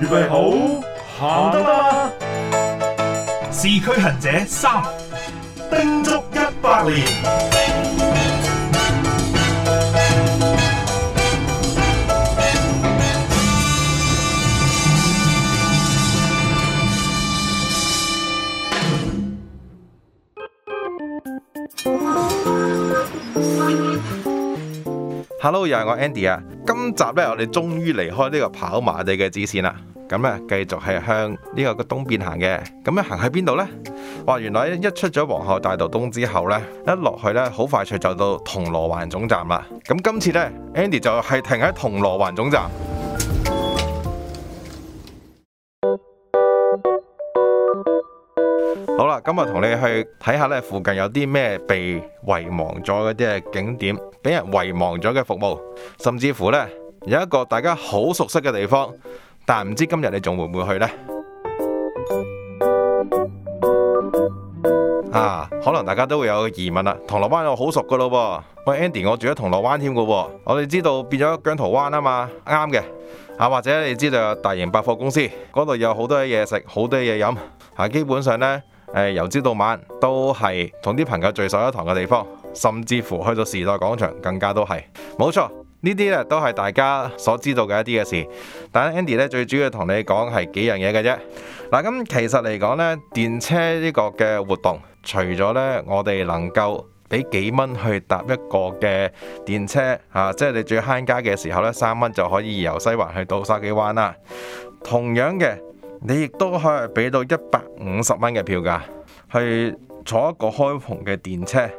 預備好，行得啦嘛？市區行者三，叮足一百年。Hello，又係我 Andy 啊！今集咧，我哋終於離開呢個跑馬地嘅支線啦。咁咧，繼續係向呢個嘅東邊行嘅。咁樣行喺邊度呢？哇！原來一出咗皇后大道東之後呢，一落去呢，好快脆就，就到銅鑼灣總站啦。咁今次呢 Andy 就係停喺銅鑼灣總站。好啦，今日同你去睇下呢附近有啲咩被遺忘咗嘅啲嘅景點，俾人遺忘咗嘅服務，甚至乎呢，有一個大家好熟悉嘅地方。但唔知今日你仲會唔會去呢？啊，可能大家都會有個疑問啦。銅鑼灣我好熟噶咯喎，喂 Andy，我住喺銅鑼灣添噶喎。我哋知道變咗姜濤灣啊嘛，啱嘅。啊，或者你知道有大型百貨公司嗰度有好多嘢食，好多嘢飲。嚇，基本上呢，誒、呃、由朝到晚都係同啲朋友聚首一堂嘅地方，甚至乎去到時代廣場更加都係冇錯。呢啲咧都係大家所知道嘅一啲嘅事，但 Andy 咧最主要同你講係幾樣嘢嘅啫。嗱，咁其實嚟講呢，電車呢個嘅活動，除咗呢我哋能夠俾幾蚊去搭一個嘅電車，啊，即係你最慳家嘅時候呢，三蚊就可以由西環去到筲箕灣啦。同樣嘅，你亦都可以俾到一百五十蚊嘅票價去坐一個開篷嘅電車。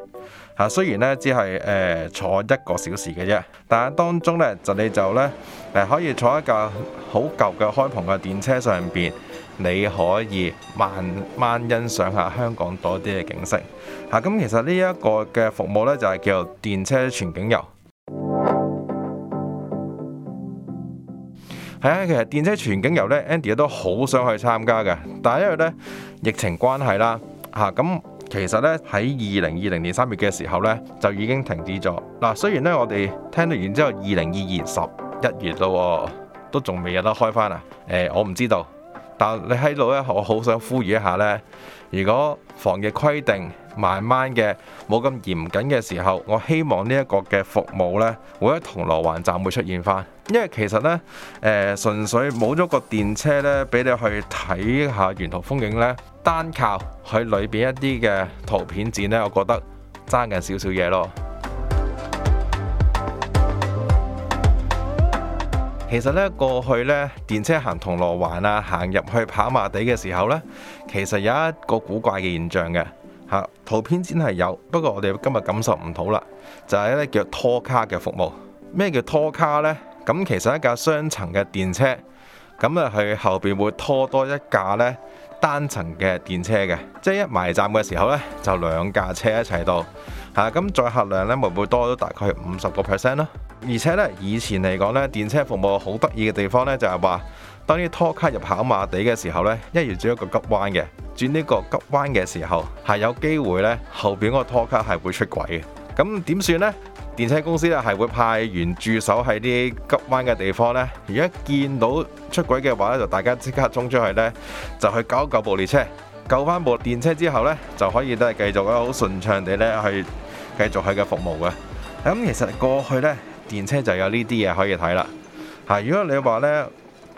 啊，雖然咧只係誒、呃、坐一個小時嘅啫，但係當中呢，就你就呢誒可以坐一架好舊嘅開篷嘅電車上邊，你可以慢慢欣賞下香港多啲嘅景色。嚇、啊，咁其實呢一個嘅服務呢，就係、是、叫電車全景遊。係啊、嗯，其實電車全景遊呢 Andy 都好想去參加嘅，但係因為呢疫情關係啦，嚇、啊、咁。其實咧，喺二零二零年三月嘅時候呢，就已經停止咗。嗱，雖然呢，我哋聽到完之後，二零二二年十一月咯、哦，都仲未有得開翻啊。誒，我唔知道。但你喺度呢，我好想呼籲一下呢：如果防疫規定慢慢嘅冇咁嚴謹嘅時候，我希望呢一個嘅服務呢，會喺銅鑼灣站會出現翻。因為其實呢，誒、呃，純粹冇咗個電車呢，俾你去睇下沿途風景咧，單靠喺裏邊一啲嘅圖片展呢，我覺得爭緊少少嘢咯。其實呢，過去呢電車行銅鑼灣啊，行入去跑馬地嘅時候呢，其實有一個古怪嘅現象嘅吓，圖片展係有，不過我哋今日感受唔到啦，就係、是、咧叫拖卡嘅服務。咩叫拖卡呢？咁其實一架雙層嘅電車，咁啊佢後邊會拖多一架呢單層嘅電車嘅，即係一埋站嘅時候呢，就兩架車一齊到，吓，咁載客量呢，會唔會多咗大概五十個 percent？而且呢，以前嚟講呢，電車服務好得意嘅地方呢，就係話，當啲拖卡入跑馬地嘅時候呢，一要轉一個急彎嘅，轉呢個急彎嘅時候係有機會呢，後邊嗰個拖卡係會出軌嘅，咁點算呢？電車公司咧，係會派員駐守喺啲急彎嘅地方呢，如果見到出軌嘅話呢，就大家即刻衝出去呢就去搞，搞一救部電車，救翻部電車之後呢就可以都係繼續咧，好順暢地呢去繼續佢嘅服務嘅。咁其實過去呢電車就有呢啲嘢可以睇啦。嚇，如果你話呢。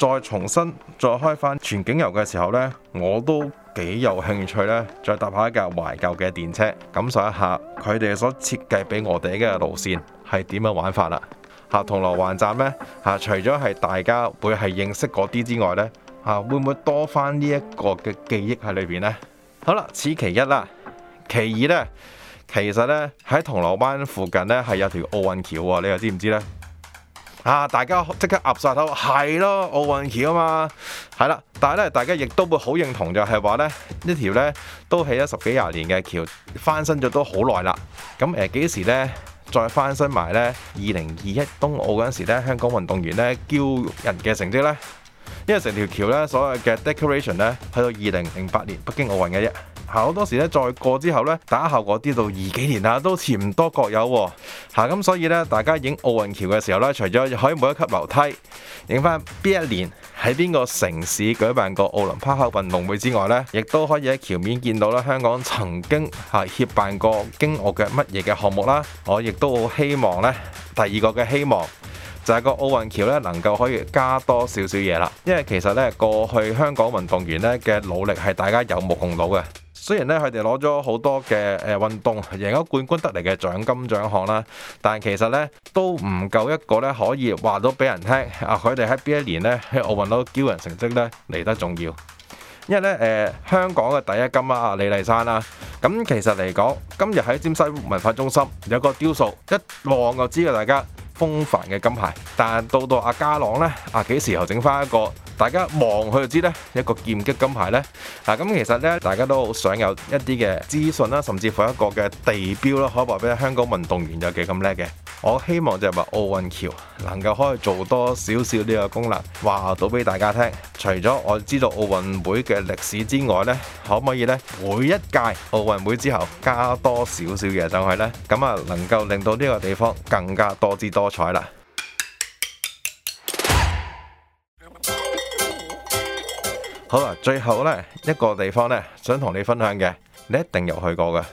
再重新再開返全景遊嘅時候呢，我都幾有興趣呢。再搭下一架懷舊嘅電車，感受一下佢哋所設計俾我哋嘅路線係點樣玩法啦。吓銅鑼灣站呢，吓除咗係大家會係認識嗰啲之外呢，吓會唔會多翻呢一個嘅記憶喺裏邊呢？好啦，此其一啦。其二呢，其實呢，喺銅鑼灣附近呢，係有條奧運橋啊，你又知唔知呢？啊！大家即刻岌晒頭，係咯奧運橋啊嘛，係啦。但係咧，大家亦都會好認同是說，就係話咧，呢條咧都起咗十幾廿年嘅橋，翻新咗都好耐啦。咁誒幾時咧再翻新埋咧？二零二一東奧嗰陣時咧，香港運動員咧驕人嘅成績咧，因為成條橋咧所有嘅 decoration 咧，去到二零零八年北京奧運嘅啫。好多時咧，再過之後呢，打效果啲到二幾年啦，都似唔多國有喎。咁，所以呢，大家影奧運橋嘅時候呢，除咗可以在每一級樓梯影翻邊一年喺邊個城市舉辦過奧林匹克運動會之外呢，亦都可以喺橋面見到呢，香港曾經係協辦過經我嘅乜嘢嘅項目啦。我亦都好希望呢，第二個嘅希望。就係個奧運橋咧，能夠可以加多少少嘢啦。因為其實咧，過去香港運動員咧嘅努力係大家有目共睹嘅。雖然咧佢哋攞咗好多嘅誒運動贏咗冠軍得嚟嘅獎金獎項啦，但係其實咧都唔夠一個咧可以話到俾人聽啊！佢哋喺邊一年咧喺奧運攞驕人成績咧嚟得重要。因為咧誒香港嘅第一金啦，李麗珊啦，咁其實嚟講，今日喺尖西文化中心有個雕塑，一望就知嘅大家。風帆嘅金牌，但到到阿家朗咧，阿、啊、幾時候整翻一個？大家望佢就知呢，一個劍擊金牌呢，嗱咁其實呢，大家都好想有一啲嘅資訊啦，甚至乎一個嘅地標啦，可唔可以話俾香港運動員有幾咁叻嘅？我希望就係話奧運橋能夠可以做多少少呢個功能，話到俾大家聽。除咗我知道奧運會嘅歷史之外呢，可唔可以呢每一屆奧運會之後加多少少嘢就係呢，咁啊能夠令到呢個地方更加多姿多彩啦。好啦，最後呢，一個地方呢，想同你分享嘅，你一定有去過嘅，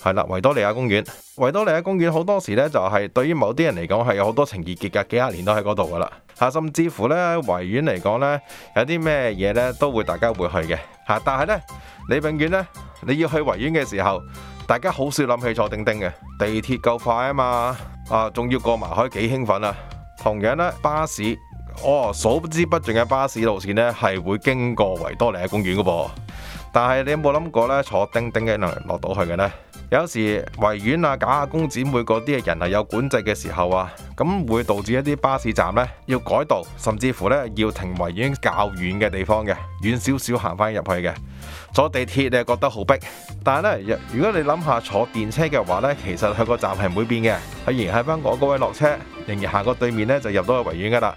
係啦維多利亞公園。維多利亞公園好多時呢，就係對於某啲人嚟講係有好多情意結嘅，幾廿年都喺嗰度噶啦。吓、啊，甚至乎呢，維園嚟講呢，有啲咩嘢呢，都會大家會去嘅。吓、啊，但係呢，你永遠呢，你要去維園嘅時候，大家好少諗起坐叮叮嘅，地鐵夠快啊嘛，啊仲要過埋海幾興奮啊。同樣呢，巴士。哦，數之不盡嘅巴士路線呢，係會經過維多利亞公園嘅噃，但係你有冇諗過叮叮的的呢？坐叮叮嘅能落到去嘅呢？有時維園啊，假下公姊妹嗰啲嘅人啊，有管制嘅時候啊，咁會導致一啲巴士站呢要改道，甚至乎呢要停維園較遠嘅地方嘅，遠少少行翻入去嘅。坐地鐵你係覺得好逼，但係呢，如果你諗下坐電車嘅話呢，其實佢個站係唔會變嘅，佢仍然喺翻我嗰位落車，仍然行過對面呢就入到去維園㗎喇。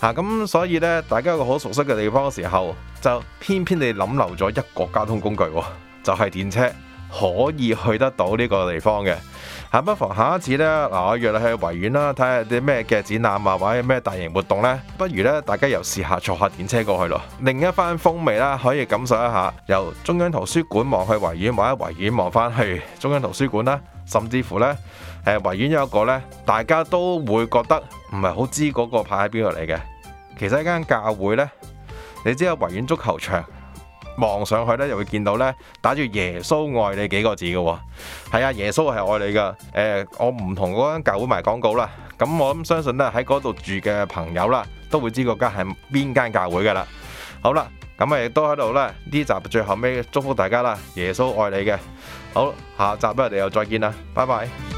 吓、啊、咁，所以呢，大家有一個好熟悉嘅地方嘅時候，就偏偏你諗漏咗一個交通工具，就係、是、電車。可以去得到呢個地方嘅，咁不妨下一次呢，嗱我約你去維園啦，睇下啲咩嘅展覽啊，或者咩大型活動呢？不如呢，大家又試下坐下電車過去咯。另一番風味啦，可以感受一下由中央圖書館望去維園，或者維園望返去中央圖書館啦，甚至乎呢，誒維園有一個呢，大家都會覺得唔係好知嗰個牌喺邊度嚟嘅，其實一間教會呢，你知有維園足球場。望上去咧，又會見到咧打住耶穌愛你幾個字嘅喎。哦，係啊，耶穌係愛你噶，誒、呃，我唔同嗰間教會埋廣告啦，咁我諗相信咧喺嗰度住嘅朋友啦，都會知嗰間係邊間教會噶啦，好啦，咁啊亦都喺度啦，呢集最後尾祝福大家啦，耶穌愛你嘅，好，下集咧我哋又再見啦，拜拜。